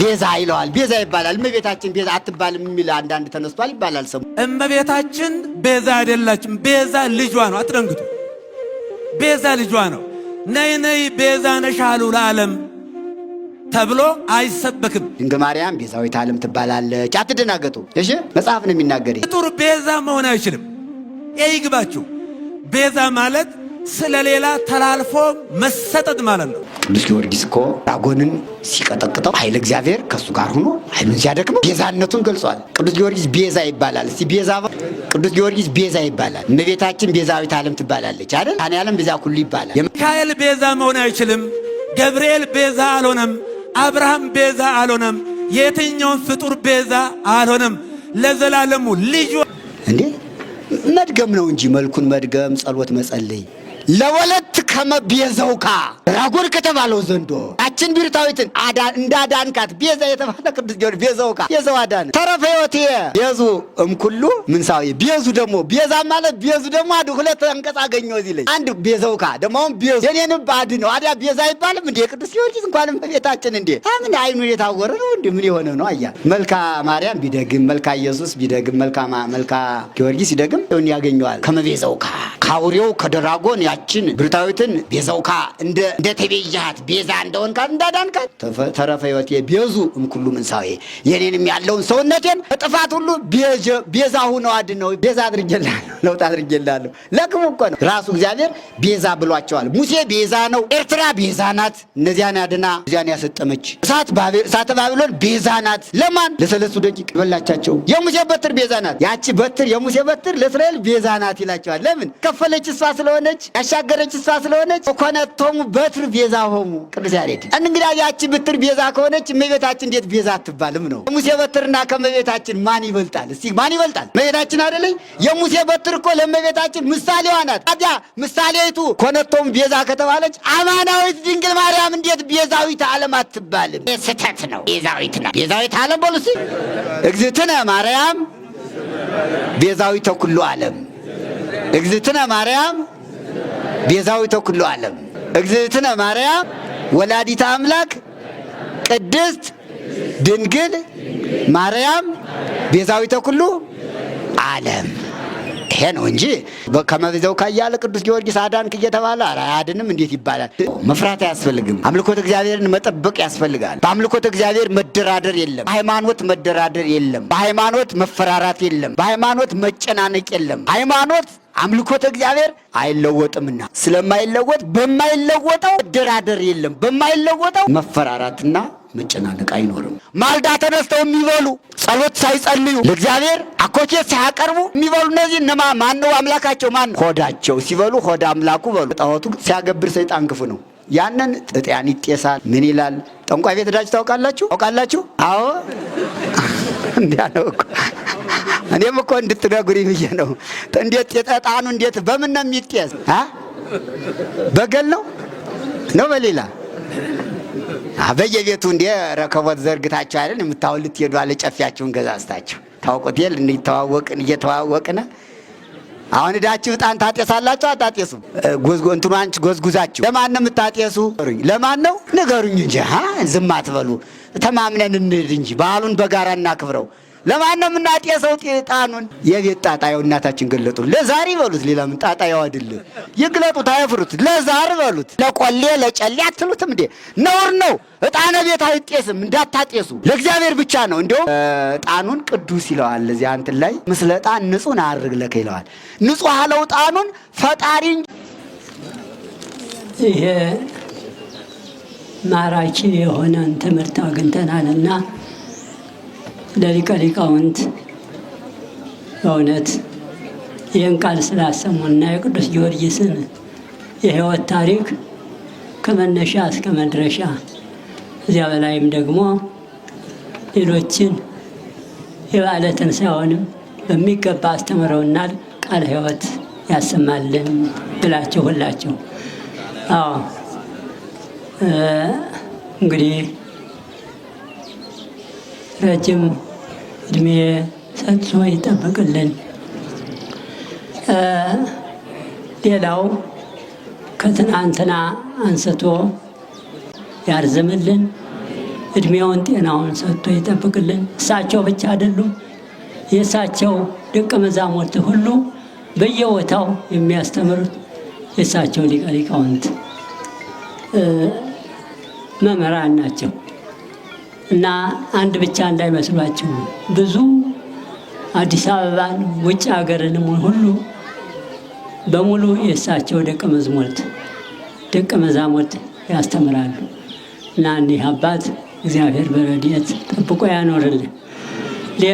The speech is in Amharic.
ቤዛ ይለዋል። ቤዛ ይባላል። እመቤታችን ቤዛ አትባልም የሚል አንዳንድ ተነስቷል ይባላል ሰሙ። እመቤታችን ቤዛ አይደላችም። ቤዛ ልጇ ነው። አትደንግጡ። ቤዛ ልጇ ነው። ነይ ነይ ቤዛ ነሻሉ ለዓለም ተብሎ አይሰበክም። ድንግል ማርያም ቤዛዊት ዓለም ትባላለች። አትደናገጡ። እሺ መጽሐፍ ነው የሚናገር። ፍጡር ቤዛ መሆን አይችልም። ይግባችሁ። ቤዛ ማለት ስለ ሌላ ተላልፎ መሰጠት ማለት ነው። ቅዱስ ጊዮርጊስ እኮ ዳጎንን ሲቀጠቅጠው ኃይለ እግዚአብሔር ከእሱ ጋር ሆኖ ኃይሉን ሲያደክመው ቤዛነቱን ገልጿል። ቅዱስ ጊዮርጊስ ቤዛ ይባላል። እስቲ ቤዛ ቅዱስ ጊዮርጊስ ቤዛ ይባላል። እመቤታችን ቤዛዊት ዓለም ትባላለች አይደል? አኔ ዓለም ቤዛ ሁሉ ይባላል። የሚካኤል ቤዛ መሆን አይችልም። ገብርኤል ቤዛ አልሆነም። አብርሃም ቤዛ አልሆነም። የትኛውን ፍጡር ቤዛ አልሆነም። ለዘላለሙ ልዩ እንዴ መድገም ነው እንጂ መልኩን መድገም ጸሎት መጸለይ ለወለት ከመብየዘውካ ራጎድ ከተባለው ዘንዶ ያችን ቢርታዊትን እንዳዳንካት ቤዛ የተባለ ቅዱስ ጊዮርጊስ ቤዛው ካ ቤዛው አዳነ ተረፈ ሕይወት ቤዙ እምኩሉ ምንሳዊ ቤዙ ደግሞ ቤዛ ማለት ቤዙ ደግሞ አድ ሁለት አንቀጽ አገኘው እዚህ ላይ አንድ ቤዛው ካ ደግሞ ቤዙ የኔንም ባድ ነው አዲያ ቤዛ አይባልም እንዴ ቅዱስ ጊዮርጊስ እንኳንም በቤታችን እንዴ ምን አይኑ የታወረ ነው እንዴ ምን የሆነ ነው አያ መልካ ማርያም ቢደግም መልካ ኢየሱስ ቢደግም መልካ መልካ ጊዮርጊስ ይደግም ይሁን ያገኘዋል ከመቤዛው ካ ካውሬው ከደራጎን ያችን ብርታዊትን ቤዛው ካ እንደ እንደ ተቤያት ቤዛ እንደሆን እንዳዳንከን ተረፈ ሕይወቴ ቤዙ እምኩሉ ምንሳዌ የኔንም ያለውን ሰውነቴን ጥፋት ሁሉ ቤዛ ሁነው አድነው ቤዛ አድርጌልሃለሁ። ለውጥ አድርጌላለሁ። ለክሙ እኮ ነው ራሱ እግዚአብሔር ቤዛ ብሏቸዋል። ሙሴ ቤዛ ነው፣ ኤርትራ ቤዛ ናት። እነዚያን ያድና እዚያን ያሰጠመች እሳተ ባቢሎን ቤዛ ናት። ለማን ለሰለስቱ ደቂቅ በላቻቸው። የሙሴ በትር ቤዛ ናት። ያቺ በትር የሙሴ በትር ለእስራኤል ቤዛ ናት ይላቸዋል። ለምን ከፈለች እሷ ስለሆነች፣ ያሻገረች እሷ ስለሆነች። ኮነቶሙ በትር ቤዛ ሆሙ ቅዱስ ያሬድ። እንግዲ ያቺ ብትር ቤዛ ከሆነች እመቤታችን እንዴት ቤዛ አትባልም ነው? የሙሴ በትርና ከመቤታችን ማን ይበልጣል? እስቲ ማን ይበልጣል? መቤታችን አደለኝ የሙሴ በትር እግዚአብሔር እኮ ለእመቤታችን ምሳሌዋ ናት። ታዲያ ምሳሌቱ ኮነቶም ቤዛ ከተባለች አማናዊት ድንግል ማርያም እንዴት ቤዛዊት ዓለም አትባልም? ስህተት ነው። ቤዛዊት ናት። ቤዛዊት ዓለም በሉ እስኪ እግዝእትነ ማርያም ቤዛዊተ ኩሉ ዓለም እግዝእትነ ማርያም ቤዛዊተ ኩሉ ዓለም እግዝእትነ ማርያም ወላዲተ አምላክ ቅድስት ድንግል ማርያም ቤዛዊተ ኩሉ ዓለም ይሄ ነው እንጂ ከመዘው ካያለ ቅዱስ ጊዮርጊስ አዳንክ እየተባለ አያድንም እንዴት ይባላል? መፍራት አያስፈልግም። አምልኮት እግዚአብሔርን መጠበቅ ያስፈልጋል። በአምልኮት እግዚአብሔር መደራደር የለም። በሃይማኖት መደራደር የለም። በሃይማኖት መፈራራት የለም። በሃይማኖት መጨናነቅ የለም። ሃይማኖት አምልኮት እግዚአብሔር አይለወጥምና ስለማይለወጥ በማይለወጠው መደራደር የለም። በማይለወጠው መፈራራትና መጨናነቅ አይኖርም። ማልዳ ተነስተው የሚበሉ ጸሎት ሳይጸልዩ ለእግዚአብሔር አኮቼት ሳያቀርቡ የሚበሉ እነዚህ እነማ ማን ነው አምላካቸው? ማን ሆዳቸው ሲበሉ ሆዳ አምላኩ በሉ። ጣዖቱ ሲያገብር ሰይጣን ክፉ ነው። ያንን ጥጥያን ይጤሳል። ምን ይላል? ጠንቋይ ቤት ዳጅ ታውቃላችሁ? ታውቃላችሁ? አዎ እንዲያ ነው እኮ እኔም እኮ እንድትነግሩኝ ብዬ ነው። እንዴት የጠጣኑ እንዴት በምን ነው የሚጤስ? በገል ነው ነው በሌላ በየቤቱ እንደ ረከቦት ዘርግታችሁ አይደል የምታሁን ልትሄዱ አለ ጨፊያችሁን ገዛዝታችሁ ታውቁት የል እንተዋወቅን እየተዋወቅነ አሁን እዳችሁ ዕጣን ታጤሳላችሁ አታጤሱም? አንቺ ጎዝጉዛችሁ ለማን ነው የምታጤሱ? ለማን ነው ንገሩኝ እንጂ ዝም አትበሉ። ተማምነን እንሂድ እንጂ በዓሉን በጋራ እናክብረው። ለማን ነው የምናጤሰው ጣኑን? የቤት ጣጣያው እናታችን ገለጡ። ለዛር ይበሉት፣ ሌላ ምን ጣጣያው አይደለም። ይግለጡት፣ አያፍሩት። ለዛር በሉት። ለቆሌ ለጨሌ አትሉትም እንዴ? ነውር ነው። እጣነ ቤት አይጤስም፣ እንዳታጤሱ ለእግዚአብሔር ብቻ ነው። እንዲሁም እጣኑን ቅዱስ ይለዋል። እዚያ እንትን ላይ ምስለ እጣን ንጹህ አድርግ ለከ ይለዋል። ንጹህ አለው እጣኑን ፈጣሪ ይሄ ማራኪ የሆነን ትምህርት አግኝተናልና ለሊቀ ሊቃውንት በእውነት ይህን ቃል ስላሰሙና የቅዱስ ጊዮርጊስን የህይወት ታሪክ ከመነሻ እስከ መድረሻ እዚያ በላይም ደግሞ ሌሎችን የበዓለ ትንሣኤውንም በሚገባ አስተምረውናል። ቃለ ህይወት ያሰማልን ብላችሁ ሁላችሁ አዎ እንግዲህ ረጅም እድሜ ሰጥቶ ይጠብቅልን። ሌላው ከትናንትና አንስቶ ያርዝምልን፣ እድሜውን ጤናውን ሰጥቶ ይጠብቅልን። እሳቸው ብቻ አይደሉም፣ የእሳቸው ደቀ መዛሙርት ሁሉ በየቦታው የሚያስተምሩት የእሳቸው ሊቀ ሊቃውንት መምህራን ናቸው። እና አንድ ብቻ እንዳይመስሏችሁ ብዙ አዲስ አበባን ውጭ ሀገርንም ሁሉ በሙሉ የእሳቸው ደቀ መዝሙርት ደቀ መዛሙርት ያስተምራሉ እና እኒህ አባት እግዚአብሔር በረድኤት ጠብቆ ያኖርልን።